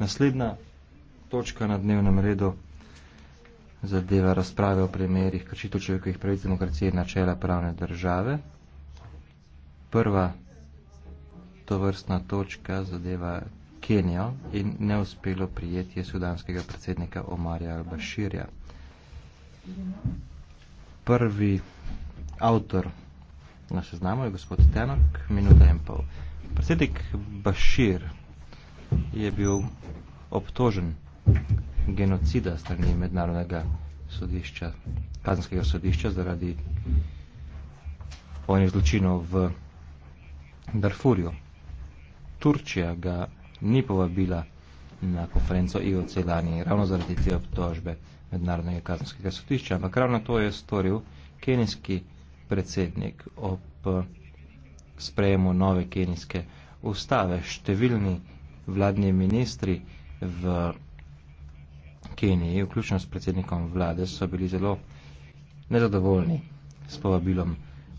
Naslednja točka na dnevnem redu zadeva razprave o primerih kršitev človekovih pravic demokracije in načela pravne države. Prva tovrstna točka zadeva Kenijo in neuspelo prijetje sudanskega predsednika Omarja Al-Bashirja. Prvi avtor na seznamu je gospod Tenok, minuta in pol. Predsednik Bashir je bil obtožen genocida strani mednarodnega sodišča, kazenskega sodišča zaradi vojnih zločinov v Darfurju. Turčija ga ni povabila na konferenco IOC lani, ravno zaradi te obtožbe mednarodnega kazenskega sodišča, ampak ravno to je storil kenijski predsednik ob sprejemu nove kenijske ustave. Številni vladni ministri v Keniji, vključno s predsednikom vlade, so bili zelo nezadovoljni s povabilom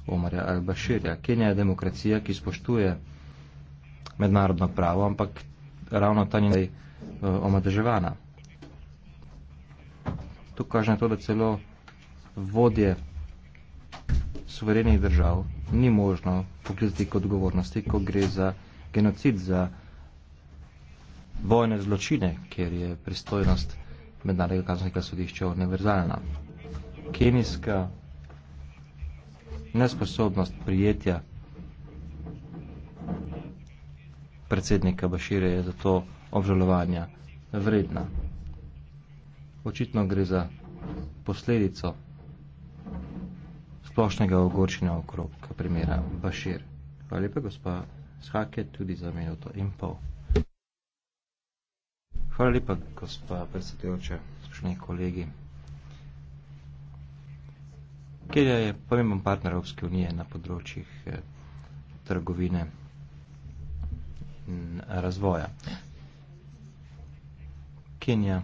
Omarja Al-Bashirja. Kenija je demokracija, ki spoštuje mednarodno pravo, ampak ravno ta njena eh, je omadeževana. To kaže na to, da celo vodje suverenih držav ni možno poklicati k odgovornosti, ko gre za genocid, za genocid vojne zločine, kjer je pristojnost mednarodnega kazenskega sodišča univerzalna. Kenijska nesposobnost prijetja predsednika Bašire je zato obžalovanja vredna. Očitno gre za posledico splošnega ogorčenja okrog primera Bašir. Hvala lepa, gospa Shake, tudi za minuto in pol. Hvala lepa, gospa predsedujoča, spoštovani kolegi. Kelja je pomemben partner Evropske unije na področjih eh, trgovine in razvoja. Kenija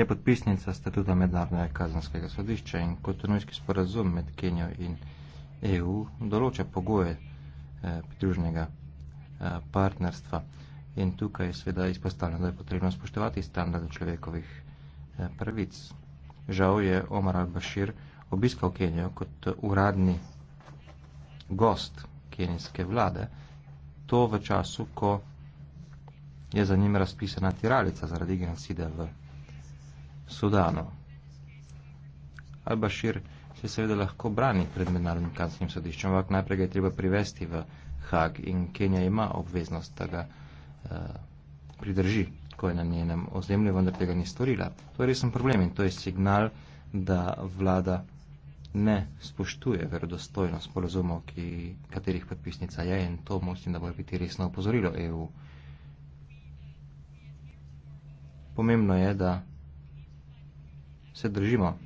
je podpisnica statuta mednarodnega kazanskega sodišča in kotonujski sporazum med Kenijo in EU določa pogoje eh, pridruženega Eh, partnerstva. In tukaj je seveda izpostavljeno, da je potrebno spoštovati standarde človekovih eh, pravic. Žal je Omar al-Bashir obiskal Kenijo kot eh, uradni gost kenijske vlade, to v času, ko je za njim razpisana tiralica zaradi genocida v Sudanu. Al-Bashir se seveda lahko brani pred mednarodnim kazenskim sodiščem, ampak najprej ga je treba privesti v Hag in Kenija ima obveznost, da ga uh, pridrži, ko je na njenem ozemlju, vendar tega ni storila. To je resen problem in to je signal, da vlada ne spoštuje verodostojnost porazumov, katerih podpisnica je in to mislim, da mora biti resno opozorilo EU. Pomembno je, da se držimo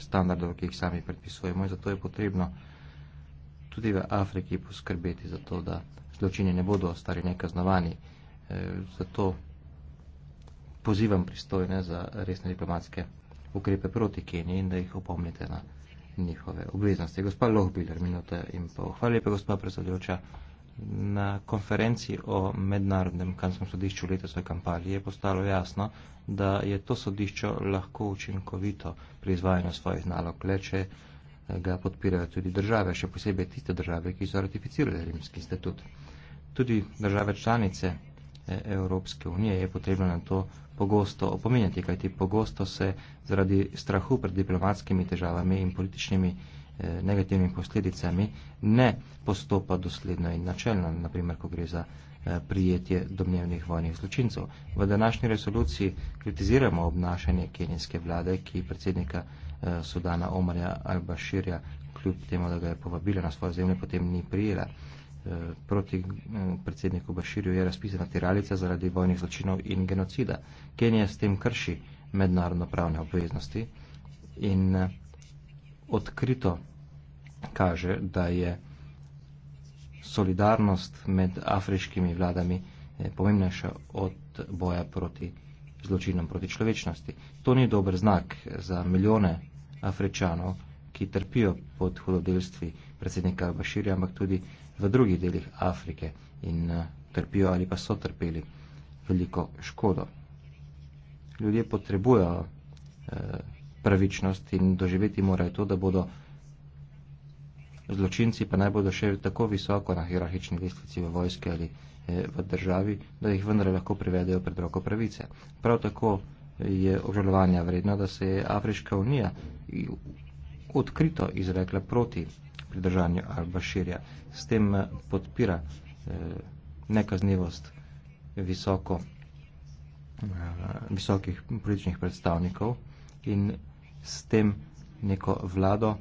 standardov, ki jih sami predpisujemo in zato je potrebno tudi v Afriki poskrbeti za to, da zločini ne bodo ostali nekaznovani. E, zato pozivam pristojne za resne diplomatske ukrepe proti Keniji in da jih opomnite na njihove obveznosti. Gospa Lohbiler, minuta in pol. Hvala lepa, gospa predsedujoča na konferenci o mednarodnem kanskem sodišču letos v Kampali je postalo jasno, da je to sodišče lahko učinkovito pri izvajanju svojih nalog, le če eh, ga podpirajo tudi države, še posebej tiste države, ki so ratificirale Rimski institut. Tudi države članice eh, Evropske unije je potrebno na to pogosto opominjati, kajti pogosto se zaradi strahu pred diplomatskimi težavami in političnimi Eh, negativnimi posledicami, ne postopa dosledno in načelno, naprimer, ko gre za eh, prijetje domnevnih vojnih zločincev. V današnji resoluciji kritiziramo obnašanje kenijske vlade, ki predsednika eh, Sudana Omarja Al-Bashirja, kljub temu, da ga je povabila na svojo zemljo, potem ni prijela. Proti predsedniku Bashirju je razpisana tiralica zaradi vojnih zločinov in genocida. Kenija s tem krši mednarodno pravne obveznosti in odkrito kaže da je solidarnost med afriškimi vladami eh, pomembnejša od boja proti zločinom proti človečnosti. To ni dober znak eh, za milijone afričanov, ki trpijo pod hudodelstvi predsednika Bashirja, ampak tudi v drugih delih Afrike in eh, trpijo ali pa so trpeli veliko škodo. Ljudje potrebujejo eh, pravičnost in doživeti morajo to, da bodo eh, zločinci pa naj bodo še tako visoko na hierarhični listici v vojske ali eh, v državi, da jih vendar lahko privedejo pred roko pravice. Prav tako je obžalovanja vredno, da se je Afriška unija odkrito izrekla proti pridržanju Al-Bashirja. S tem eh, podpira eh, nekaznivost visoko, visokih političnih predstavnikov in s tem neko vlado,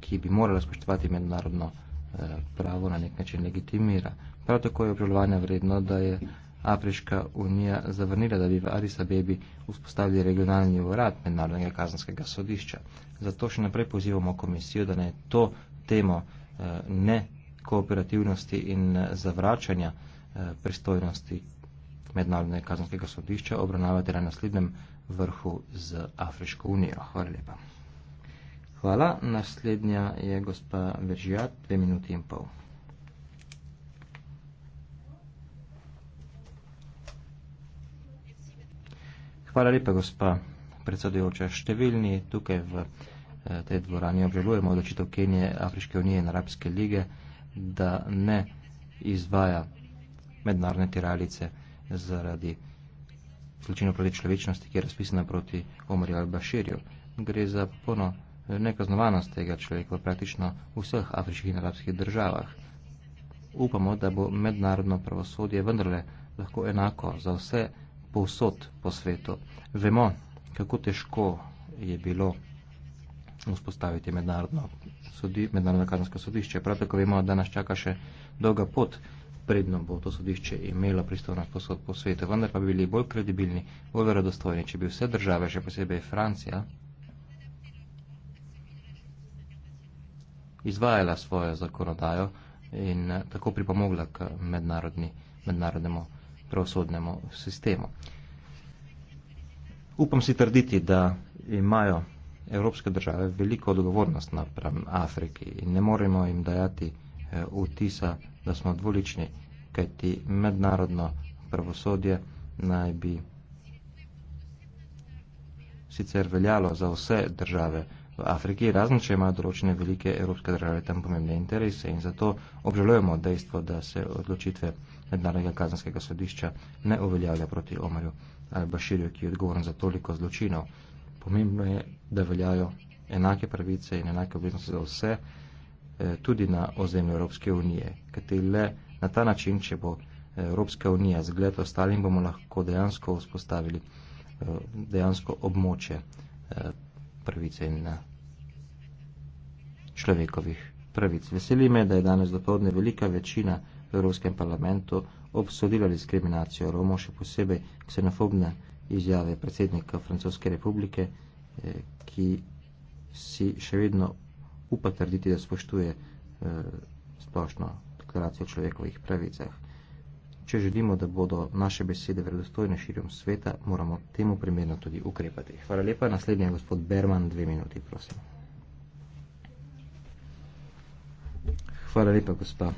ki bi morala spoštovati mednarodno eh, pravo, na nek način legitimira. Prav tako je obžalovanja vredno, da je Afriška unija zavrnila, da bi v Arisabebi vzpostavili regionalni urad mednarodnega kazanskega sodišča. Zato še naprej pozivamo komisijo, da ne to temo eh, ne kooperativnosti in eh, zavračanja pristojnosti mednarodnega kazanskega sodišča obravnavati na naslednjem vrhu z Afriško unijo. Hvala lepa. Hvala. Naslednja je gospa Veržijat, dve minuti in pol. Hvala lepa, gospa predsedujoča. Številni tukaj v eh, tej dvorani obžalujemo odločitev Kenije, Afriške unije in Arabske lige, da ne izvaja mednarodne tiralice zaradi zločinov proti človečnosti, ki je razpisana proti Omarju al-Bashirju. Gre za popolno nekaznovanost tega človeka v praktično vseh afriških in arabskih državah. Upamo, da bo mednarodno pravosodje vendarle lahko enako za vse povsod po svetu. Vemo, kako težko je bilo vzpostaviti mednarodno, sodi, mednarodno kazansko sodišče. Prav tako vemo, da nas čaka še dolga pot, predno bo to sodišče imelo pristojnost posod po svetu. Vendar pa bi bili bolj kredibilni, bolj verodostojni, če bi vse države, še posebej Francija, izvajala svojo zakonodajo in eh, tako pripomogla k mednarodnemu pravosodnemu sistemu. Upam si trditi, da imajo evropske države veliko odgovornost napram Afriki in ne moremo jim dajati eh, vtisa, da smo dvolični, kajti mednarodno pravosodje naj bi sicer veljalo za vse države Afrike, Afriki, razen če imajo določene velike evropske države tam pomembne interese in zato obžalujemo dejstvo, da se odločitve mednarodnega kazanskega sodišča ne uveljavlja proti Omarju ali Baširju, ki je odgovoren za toliko zločinov. Pomembno je, da veljajo enake pravice in enake obveznosti za vse, eh, tudi na ozemlju Evropske unije, kateri le na ta način, če bo eh, Evropska unija zgled ostalim, bomo lahko dejansko vzpostavili eh, dejansko območje pravice in človekovih pravic. Veseli me, da je danes dopoledne velika večina v Evropskem parlamentu obsodila diskriminacijo Romov, še posebej ksenofobne izjave predsednika Francoske republike, eh, ki si še vedno upa trditi, da spoštuje eh, splošno deklaracijo o človekovih pravicah. Če želimo, da bodo naše besede verodostojne širjem sveta, moramo temu primerno tudi ukrepati. Hvala lepa. Naslednji je gospod Berman, dve minuti, prosim. Hvala lepa, gospa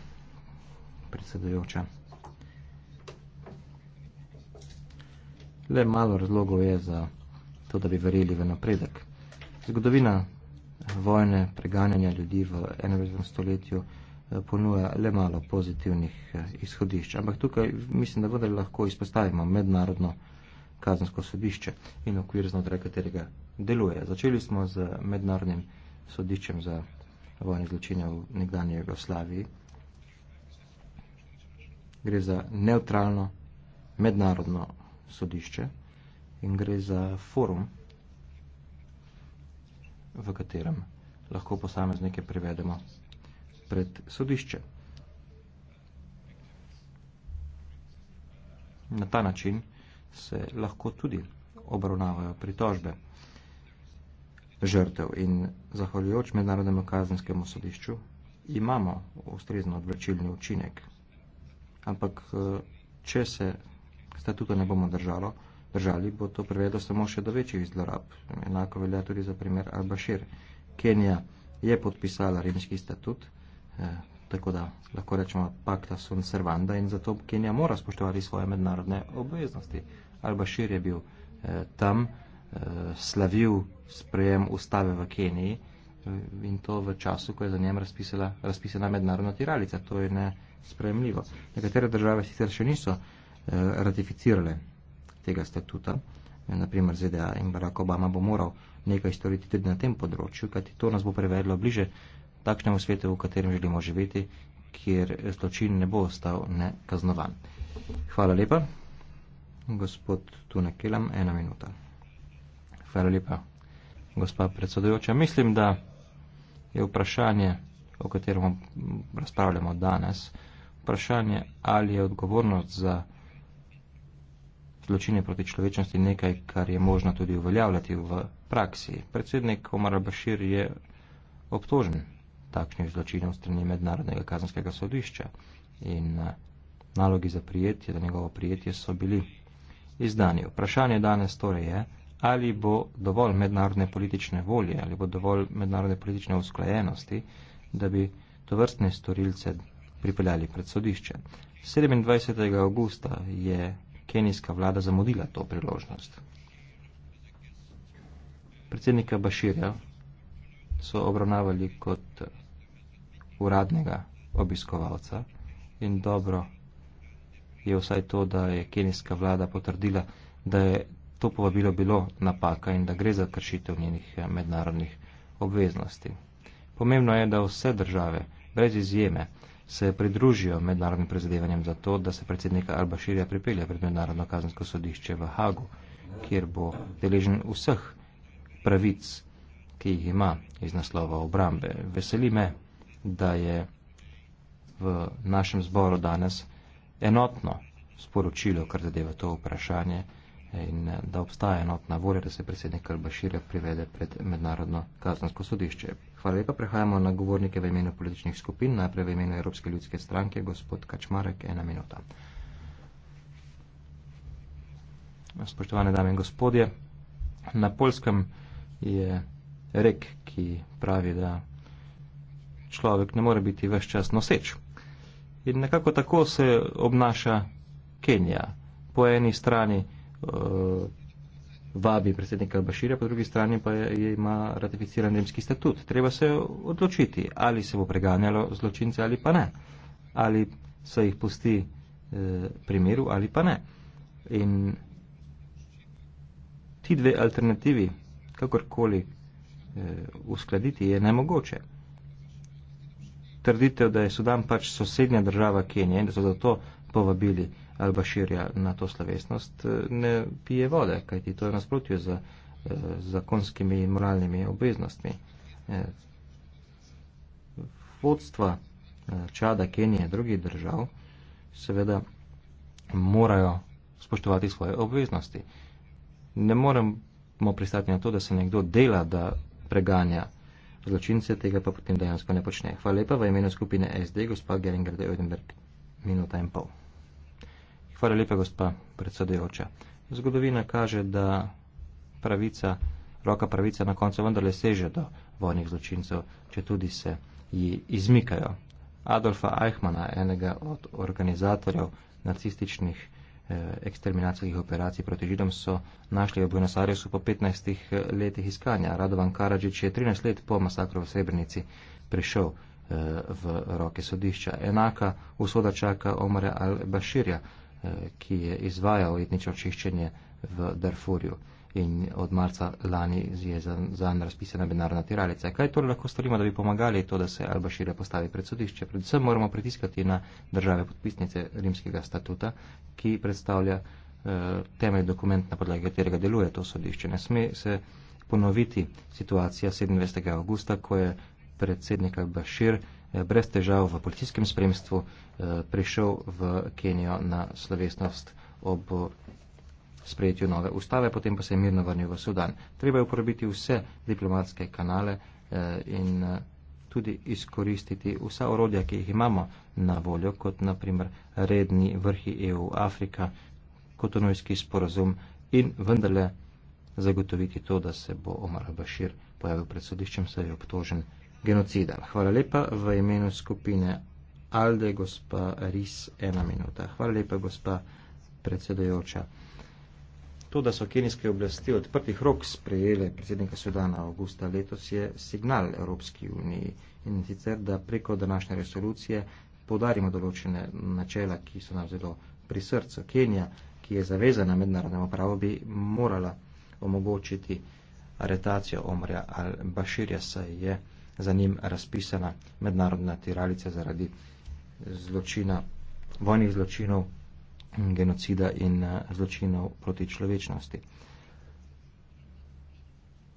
predsedujoča. Le malo razlogov je za to, da bi verjeli v napredek. Zgodovina vojne, preganjanja ljudi v 21. stoletju eh, ponuja le malo pozitivnih eh, izhodišč. Ampak tukaj mislim, da vendar lahko izpostavimo mednarodno kazensko sodišče in okvir znotraj katerega deluje. Začeli smo z mednarodnim sodiščem za vojnih zločinov v nekdanji Jugoslaviji. Gre za neutralno mednarodno sodišče in gre za forum, v katerem lahko posameznike privedemo pred sodišče. Na ta način se lahko tudi obravnavajo pritožbe žrtev. In zahvaljujoč mednarodnemu kazenskemu sodišču imamo ustrezno odvračilni učinek. Ampak eh, če se statuta ne bomo držalo, držali, bo to privedlo samo še do večjih zlorab. Enako velja tudi za primer Al-Bashir. Kenija je podpisala rimski statut, eh, tako da lahko rečemo pakta sun servanda in zato Kenija mora spoštovati svoje mednarodne obveznosti. Al-Bashir je bil eh, tam, Eh, slavil sprejem ustave v Keniji eh, in to v času, ko je za njem razpisala, razpisana mednarodna tiralica. To je nespremljivo. Nekatere države sicer še niso eh, ratificirale tega statuta, naprimer ZDA in Barack Obama bo moral nekaj storiti tudi na tem področju, kajti to nas bo prevedlo bliže takšnemu svetu, v katerem želimo živeti, kjer zločin ne bo ostal nekaznovan. Hvala lepa. Gospod Tunekelam, ena minuta. Hvala lepa, gospod predsedujoča. Mislim, da je vprašanje, o katerem razpravljamo danes, vprašanje, ali je odgovornost za zločine proti človečnosti nekaj, kar je možno tudi uveljavljati v praksi. Predsednik Omar Bashir je obtožen takšnih zločinov strani Mednarodnega kazanskega sodišča in eh, nalogi za prijetje, za njegovo prijetje so bili izdani. Vprašanje danes torej je, ali bo dovolj mednarodne politične volje, ali bo dovolj mednarodne politične usklajenosti, da bi to vrstne storilce pripeljali pred sodišče. 27. augusta je kenijska vlada zamudila to priložnost. Predsednika Baširja so obravnavali kot uradnega obiskovalca in dobro je vsaj to, da je kenijska vlada potrdila, da je to povabilo bilo napaka in da gre za kršitev njenih eh, mednarodnih obveznosti. Pomembno je, da vse države, brez izjeme, se pridružijo mednarodnim prizadevanjem za to, da se predsednika Albaširja pripelje pred mednarodno kazensko sodišče v Hagu, kjer bo deležen vseh pravic, ki jih ima iz naslova obrambe. Veseli me, da je v našem zboru danes enotno sporočilo, kar zadeva to vprašanje in eh, da obstaja enotna volja, da se predsednik Albaširja privede pred mednarodno kazansko sodišče. Hvala lepa, prehajamo na govornike v imenu političnih skupin, najprej v imenu Evropske ljudske stranke, gospod Kačmarek, ena minuta. Spoštovane dame in gospodje, na polskem je rek, ki pravi, da človek ne more biti vse čas noseč. In nekako tako se obnaša Kenija. Po eni strani uh, vabi predsednika Albašira, po drugi strani pa je, je ima ratificiran rimski statut. Treba se odločiti, ali se bo preganjalo zločince ali pa ne, ali se jih pusti uh, pri miru ali pa ne. In ti dve alternativi, kakorkoli uh, uskladiti, je nemogoče. Trditev, da je Sudan pač sosednja država Kenije in da so zato povabili Al-Bashirja na to slavesnost, eh, ne pije vode, kajti to je nasprotje z eh, zakonskimi in moralnimi obveznostmi. Eh, vodstva Čada, Kenije, drugih držav seveda morajo spoštovati svoje obveznosti. Ne moremo pristati na to, da se nekdo dela, da preganja zločince, tega pa potem dejansko ne počne. Hvala lepa v imenu skupine SD, gospod Geringer, da je Minuta in pol. Hvala lepa, gospa predsedujoča. Zgodovina kaže, da pravica, roka pravice na koncu vendarle seže do vojnih zločincev, če tudi se ji izmikajo. Adolfa Eichmana, enega od organizatorjev nacističnih eh, eksterminacijskih operacij proti židom, so našli v Buenos Airesu po 15 eh, letih iskanja. Radovan Karadžič je 13 let po masakru v Srebrenici prišel eh, v roke sodišča. Enaka usoda čaka Omara al-Bashirja. Eh, ki je izvajal etnično čiščenje v Darfurju in od marca lani je zanj za razpisana binarna tiralica. Kaj torej lahko storimo, da bi pomagali to, da se Albašire postavi pred sodišče? Predvsem moramo pritiskati na države podpisnice rimskega statuta, ki predstavlja eh, temelj dokument, na podlagi katerega deluje to sodišče. Ne sme se ponoviti situacija 27. augusta, ko je predsednik Albašir eh, Eh, brez težav v policijskem spremstvu eh, prišel v Kenijo na slovesnost ob sprejetju nove ustave, potem pa se je mirno vrnil v Sudan. Treba je uporabiti vse diplomatske kanale eh, in tudi izkoristiti vsa orodja, ki jih imamo na voljo, kot naprimer redni vrhi EU Afrika, kotonojski sporazum in vendarle zagotoviti to, da se bo Omar Bashir pojavil pred sodiščem, saj je obtožen genocida. Hvala lepa v imenu skupine Alde, gospa Ris, ena minuta. Hvala lepa, gospa predsedojoča. To, da so kenijske oblasti od prvih rok sprejele predsednika Sudana avgusta letos, je signal Evropski uniji in sicer, da preko današnje resolucije podarimo določene načela, ki so nam zelo pri srcu. Kenija, ki je zavezana mednarodnemu pravu, bi morala omogočiti aretacijo Omrja al-Bashirja, saj je za njim razpisana mednarodna tiralica zaradi zločina, vojnih zločinov, genocida in eh, zločinov proti človečnosti.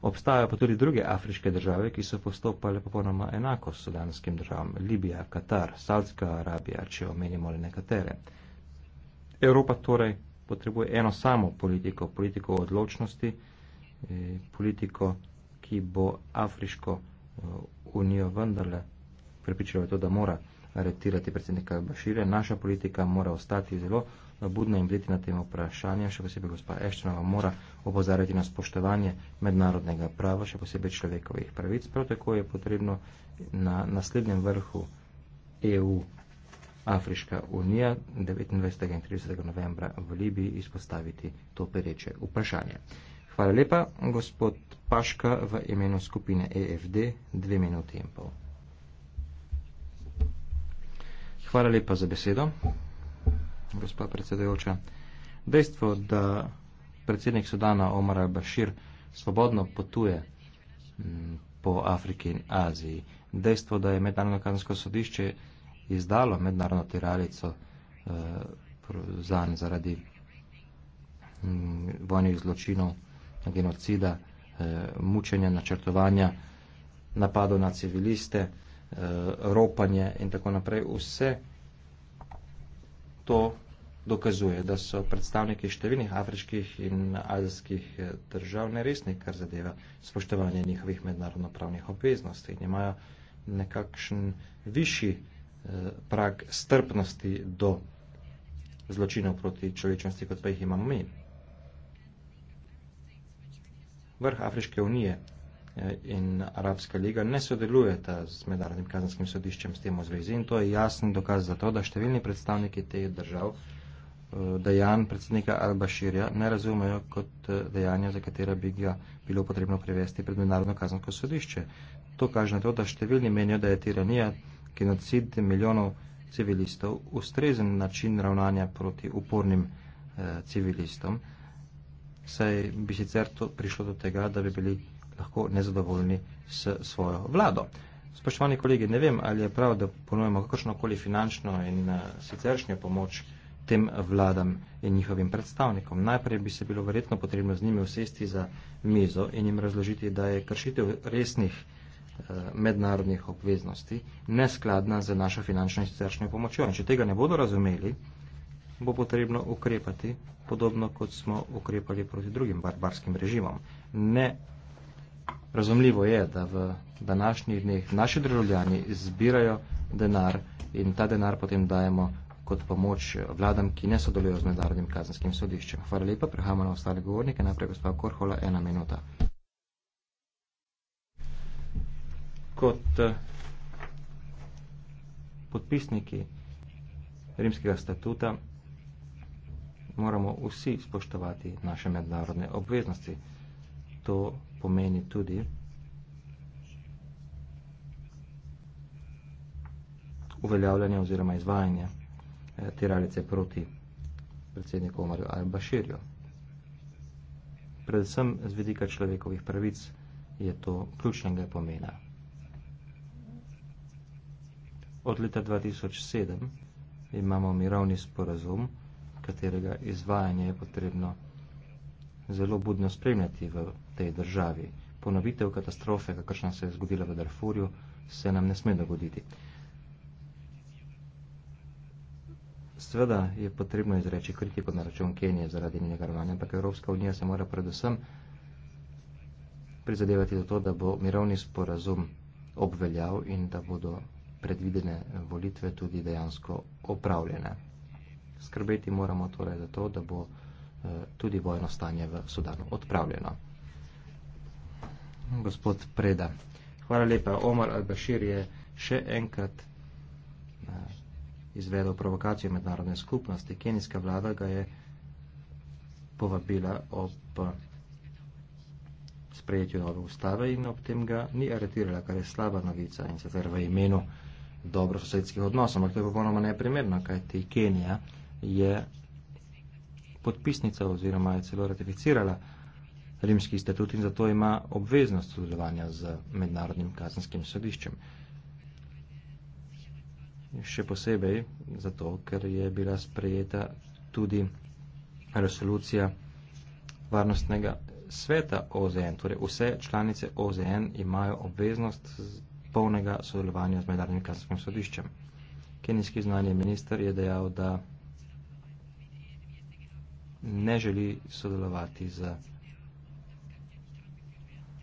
Obstajajo pa tudi druge afriške države, ki so postopale popolnoma enako s sudanskim državam. Libija, Katar, Saudska Arabija, če omenimo le nekatere. Evropa torej potrebuje eno samo politiko, politiko odločnosti, eh, politiko, ki bo afriško Uh, unijo vendarle prepričajo to, da mora aretirati predsednika Bašire. Naša politika mora ostati zelo budna in bliti na tem vprašanju, še posebej gospa Eštenova mora opozarjati na spoštovanje mednarodnega prava, še posebej človekovih pravic. Prav tako je potrebno na naslednjem vrhu EU Afriška unija 29. in 30. novembra v Libiji izpostaviti to pereče vprašanje. Hvala lepa, gospod Paška v imenu skupine EFD, dve minuti in pol. Hvala lepa za besedo, gospa predsedujoča. Dejstvo, da predsednik Sudana Omar al-Bashir svobodno potuje mm, po Afriki in Aziji, dejstvo, da je mednarodno kazansko sodišče izdalo mednarodno tiralico eh, zanj zaradi hm, vojnih zločinov genocida, eh, mučenja, načrtovanja, napadov na civiliste, eh, ropanje in tako naprej. Vse to dokazuje, da so predstavniki številnih afriških in azijskih eh, držav neresni, kar zadeva spoštovanje njihovih mednarodnopravnih obveznosti in imajo nekakšen višji prag strpnosti do zločinov proti človečnosti, kot pa jih imamo mi vrh Afriške unije eh, in Arabska liga ne sodelujeta z mednarodnim kazanskim sodiščem s tem v zvezi in to je jasen dokaz za to, da številni predstavniki te držav eh, dejanj predsednika Al-Bashirja ne razumejo kot eh, dejanja, za katera bi ga bilo potrebno prevesti pred mednarodno kazansko sodišče. To kaže na to, da številni menijo, da je tiranija genocid milijonov civilistov ustrezen način ravnanja proti upornim eh, civilistom. Eh, saj bi sicer to prišlo do tega, da bi bili lahko nezadovoljni s svojo vlado. Spoštovani kolegi, ne vem, ali je prav, da ponujemo kakršnokoli finančno in eh, siceršnjo pomoč tem vladam in njihovim predstavnikom. Najprej bi se bilo verjetno potrebno z njimi usesti za mizo in jim razložiti, da je kršitev resnih eh, mednarodnih obveznosti neskladna z našo finančno in siceršnjo pomočjo. In če tega ne bodo razumeli, bo potrebno ukrepati, podobno kot smo ukrepali proti drugim barbarskim režimom. Ne razumljivo je, da v današnjih dneh naši državljani zbirajo denar in ta denar potem dajemo kot pomoč vladam, ki ne sodelujo z mednarodnim kazenskim sodiščem. Hvala lepa, prehajamo na ostale govornike. Najprej gospod Korhola, ena minuta. Kot eh, podpisniki rimskega statuta moramo vsi spoštovati naše mednarodne obveznosti. To pomeni tudi uveljavljanje oziroma izvajanje eh, tiralice proti predsedniku Omarju Al-Bashirju. Predvsem z vidika človekovih pravic je to ključnega pomena. Od leta 2007 imamo mirovni sporazum, katerega izvajanje je potrebno zelo budno spremljati v tej državi. Ponovitev katastrofe, kakršna se je zgodila v Darfurju, se nam ne sme dogoditi. Sveda je potrebno izreči kritiko na račun Kenije zaradi njega ravnanja, ampak Evropska unija se mora predvsem prizadevati za to, da bo mirovni sporazum obveljal in da bodo predvidene volitve tudi dejansko opravljene skrbeti moramo torej za to, da bo eh, tudi vojno stanje v Sudanu odpravljeno. Gospod Preda, hvala lepa. Omar al-Bashir je še enkrat eh, izvedel provokacijo mednarodne skupnosti. Kenijska vlada ga je povabila ob eh, sprejetju nove ustave in ob tem ga ni aretirala, kar je slaba novica in sicer v imenu dobrososedskih odnosov, ampak to je popolnoma neprimerno, kajti Kenija je podpisnica oziroma je celo ratificirala rimski statut in zato ima obveznost sodelovanja z mednarodnim kazenskim sodiščem. Še posebej zato, ker je bila sprejeta tudi resolucija varnostnega sveta OZN. Torej vse članice OZN imajo obveznost polnega sodelovanja z mednarodnim kazenskim sodiščem. Kenijski znanje minister je dejal, da ne želi sodelovati z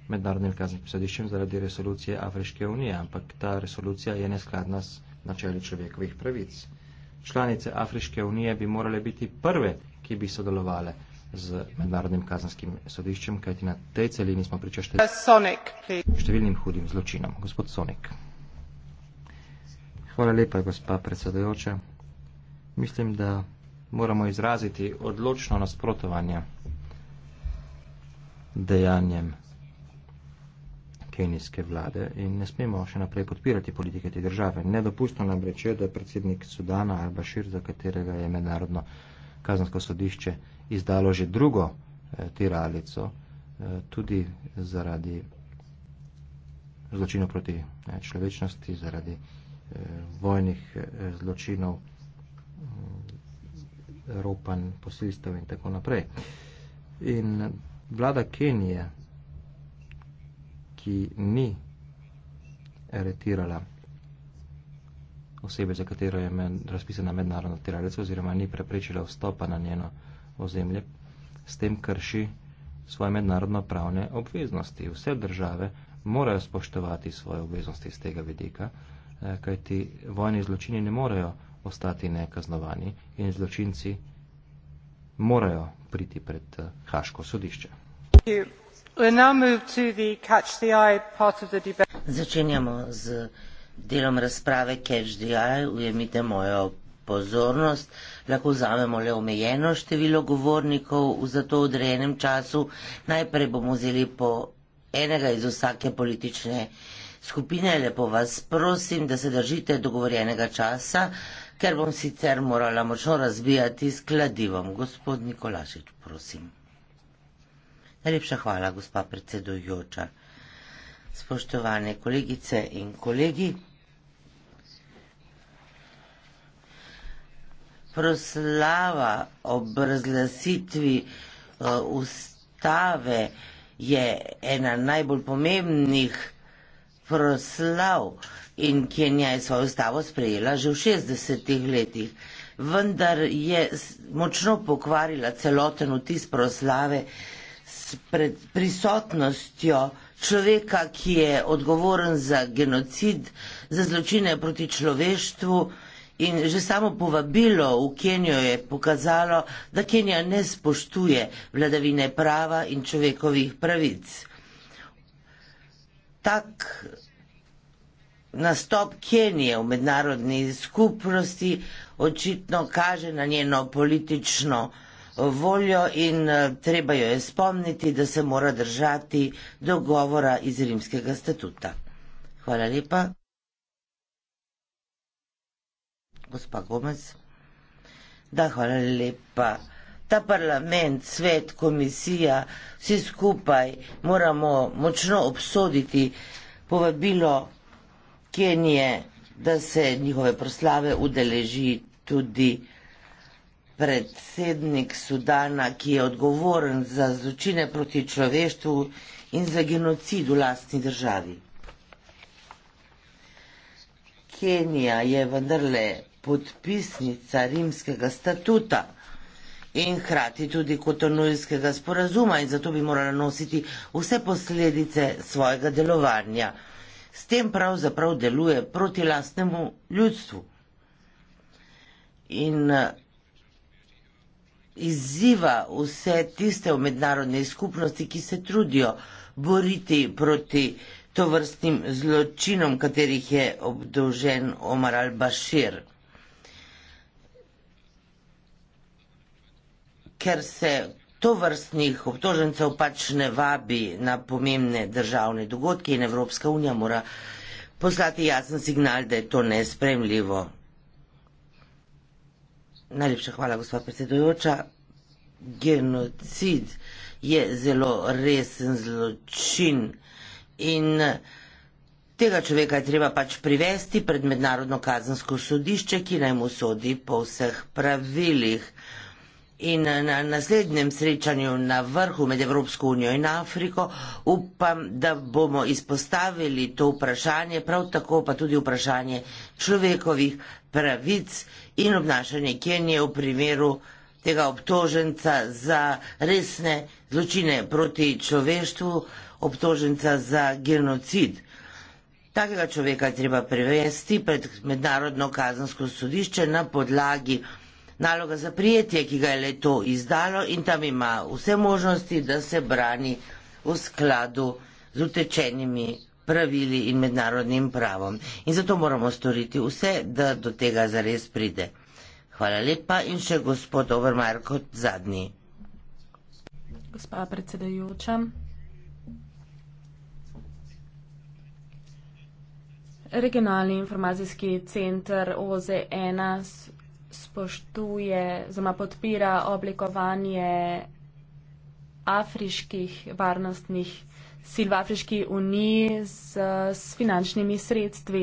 mednarodnim kaznim sodiščem zaradi resolucije Afriške unije, ampak ta resolucija je neskladna s načeli človekovih pravic. Članice Afriške unije bi morale biti prve, ki bi sodelovale z mednarodnim kazanskim sodiščem, kajti na tej celini smo priča števil... Uh, Sonic, številnim hudim zločinom. Gospod Sonik. Hvala lepa, gospa predsedujoča. Mislim, da moramo izraziti odločno nasprotovanje dejanjem kenijske vlade in ne smemo še naprej podpirati politike te države. Nedopustno nam reče, da je predsednik Sudana ali Bašir, za katerega je mednarodno kazansko sodišče izdalo že drugo eh, tiralico, eh, tudi zaradi zločinov proti eh, človečnosti, zaradi eh, vojnih eh, zločinov ropanj posilstev in tako naprej. In vlada Kenije, ki ni aretirala osebe, za katero je med, razpisana mednarodna teralica oziroma ni preprečila vstopa na njeno ozemlje, s tem krši svoje mednarodno pravne obveznosti. Vse države morajo spoštovati svoje obveznosti z tega vidika, eh, kajti vojni zločini ne morejo ostati nekaznovani in zločinci morajo priti pred eh, Haško sodišče. Začenjamo z delom razprave Catch the Eye, ujemite mojo pozornost. Lahko vzamemo le omejeno število govornikov v zato odrejenem času. Najprej bomo vzeli po enega iz vsake politične skupine. Lepo vas prosim, da se držite dogovorjenega časa ker bom sicer morala močno razbijati s kladivom. Gospod Nikolašič, prosim. Najlepša hvala, gospa predsedujoča. Spoštovane kolegice in kolegi. Proslava ob razglasitvi uh, ustave je ena najbolj pomembnih proslav in Kenija je svojo ustavo sprejela že v 60-ih letih, vendar je močno pokvarila celoten vtis proslave s prisotnostjo človeka, ki je odgovoren za genocid, za zločine proti človeštvu. In že samo povabilo v Kenijo je pokazalo, da Kenija ne spoštuje vladavine prava in človekovih pravic tak nastop Kenije v mednarodni skupnosti očitno kaže na njeno politično voljo in eh, treba jo je spomniti, da se mora držati dogovora iz rimskega statuta. Hvala lepa. Gospa Gomez. Da, hvala lepa ta parlament, svet, komisija, vsi skupaj moramo močno obsoditi povabilo Kenije, da se njihove proslave udeleži tudi predsednik Sudana, ki je odgovoren za zločine proti človeštvu in za genocid v lastni državi. Kenija je vendarle podpisnica rimskega statuta in hkrati tudi kotonujskega sporazuma in zato bi morala nositi vse posledice svojega delovanja. S tem pravzaprav deluje proti lastnemu ljudstvu. In eh, izziva vse tiste v mednarodni skupnosti, ki se trudijo boriti proti to vrstnim zločinom, katerih je obdolžen Omar al-Bashir. ker se to vrstnih obtožencev pač ne vabi na pomembne državne dogodke in Evropska unija mora poslati jasen signal, da je to nespremljivo. Najlepša hvala, gospa predsedujoča. Genocid je zelo resen zločin in tega človeka je treba pač privesti pred mednarodno kazensko sodišče, ki naj mu sodi po vseh pravilih in na naslednjem srečanju na vrhu med Evropsko unijo in Afriko upam, da bomo izpostavili to vprašanje, prav tako pa tudi vprašanje človekovih pravic in obnašanje Kenije v primeru tega obtoženca za resne zločine proti človeštvu, obtoženca za genocid. Takega človeka treba prevesti pred mednarodno kazansko sodišče na podlagi naloga za prijetje, ki ga je leto izdalo in tam ima vse možnosti, da se brani v skladu z utečenimi pravili in mednarodnim pravom. In zato moramo storiti vse, da do tega zares pride. Hvala lepa in še gospod Overmar kot zadnji. Gospa predsedajoča. Regionalni informacijski center OZ1 spoštuje, zelo podpira oblikovanje afriških varnostnih sil v Afriški uniji z, z finančnimi sredstvi.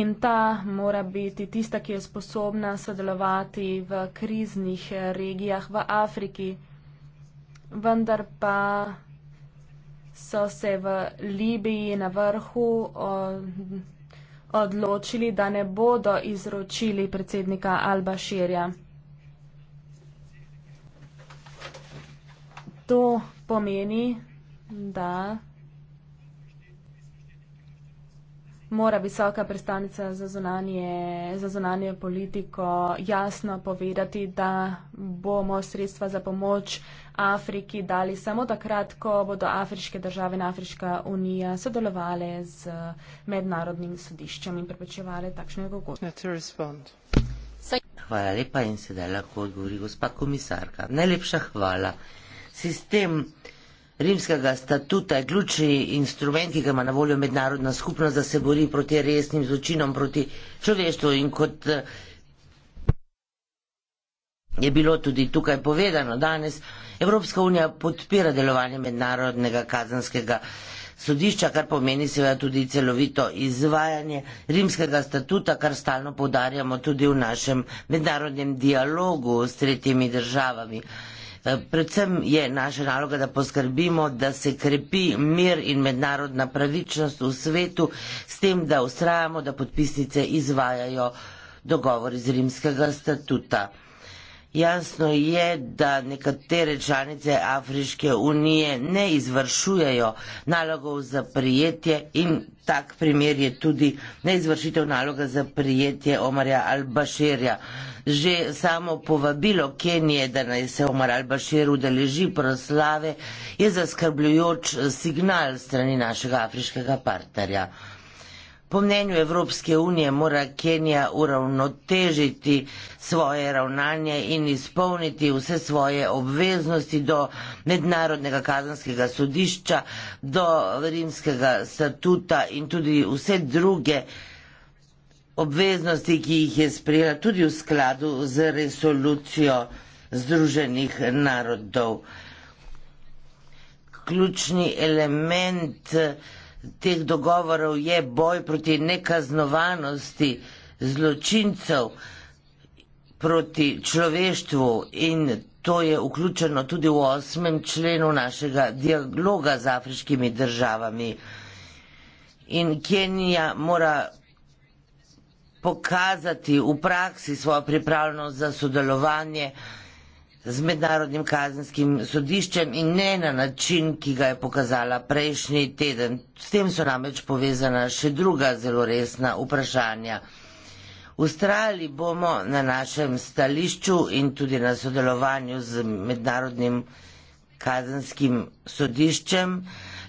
In ta mora biti tista, ki je sposobna sodelovati v kriznih regijah v Afriki. Vendar pa so se v Libiji na vrhu. O, odločili, da ne bodo izročili predsednika Albaširja. To pomeni, da mora visoka predstavnica za, zunanje, za zunanje politiko jasno povedati, da bomo sredstva za pomoč Afriki dali samo takrat, ko bodo afriške države in Afriška unija sodelovali z mednarodnim sodiščem in preprečevali takšne dogodke. Hvala lepa in sedaj lahko odgovori gospa komisarka. Najlepša hvala. Sistem rimskega statuta je ključni instrument, ki ga ima na voljo mednarodna skupnost, da se bori proti resnim zločinom, proti človeštvu in kot eh, je bilo tudi tukaj povedano danes, Evropska unija podpira delovanje mednarodnega kazanskega sodišča, kar pomeni seveda tudi celovito izvajanje rimskega statuta, kar stalno povdarjamo tudi v našem mednarodnem dialogu s tretjimi državami. Eh, predvsem je naša naloga, da poskrbimo, da se krepi mir in mednarodna pravičnost v svetu s tem, da ustrajamo, da podpisnice izvajajo dogovor iz rimskega statuta. Jasno je, da nekatere članice Afriške unije ne izvršujejo nalogov za prijetje in tak primer je tudi neizvršitev naloga za prijetje Omarja Albaširja. Že samo povabilo Kenije, da naj se Omar Albašir udeleži proslave, je zaskrbljujoč signal strani našega afriškega partnerja. Po mnenju Evropske unije mora Kenija uravnotežiti svoje ravnanje in izpolniti vse svoje obveznosti do mednarodnega kazanskega sodišča, do rimskega statuta in tudi vse druge obveznosti, ki jih je sprejela tudi v skladu z resolucijo Združenih narodov. Ključni element teh dogovorov je boj proti nekaznovanosti zločincev proti človeštvu in to je vključeno tudi v osmem členu našega dialoga z afriškimi državami. In Kenija mora pokazati v praksi svojo pripravljenost za sodelovanje z mednarodnim kazenskim sodiščem in ne na način, ki ga je pokazala prejšnji teden. S tem so namreč povezana še druga zelo resna vprašanja. Ustrajali bomo na našem stališču in tudi na sodelovanju z mednarodnim kazenskim sodiščem.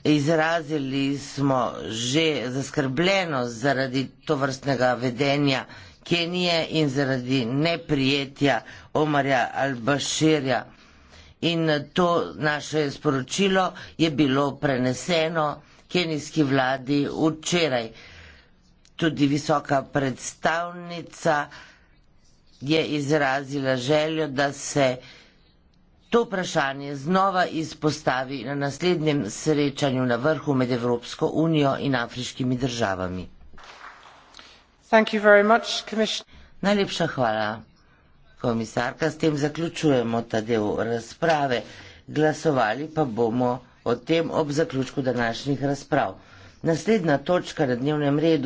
Izrazili smo že zaskrbljenost zaradi to vrstnega vedenja Kenije in zaradi neprijetja Omarja Albaširja. In eh, to naše sporočilo je bilo preneseno kenijski vladi včeraj. Tudi visoka predstavnica je izrazila željo, da se to vprašanje znova izpostavi na naslednjem srečanju na vrhu med Evropsko unijo in afriškimi državami. Najlepša hvala, komisarka. S tem zaključujemo ta del razprave. Glasovali pa bomo o tem ob zaključku današnjih razprav. Naslednja točka na dnevnem redu.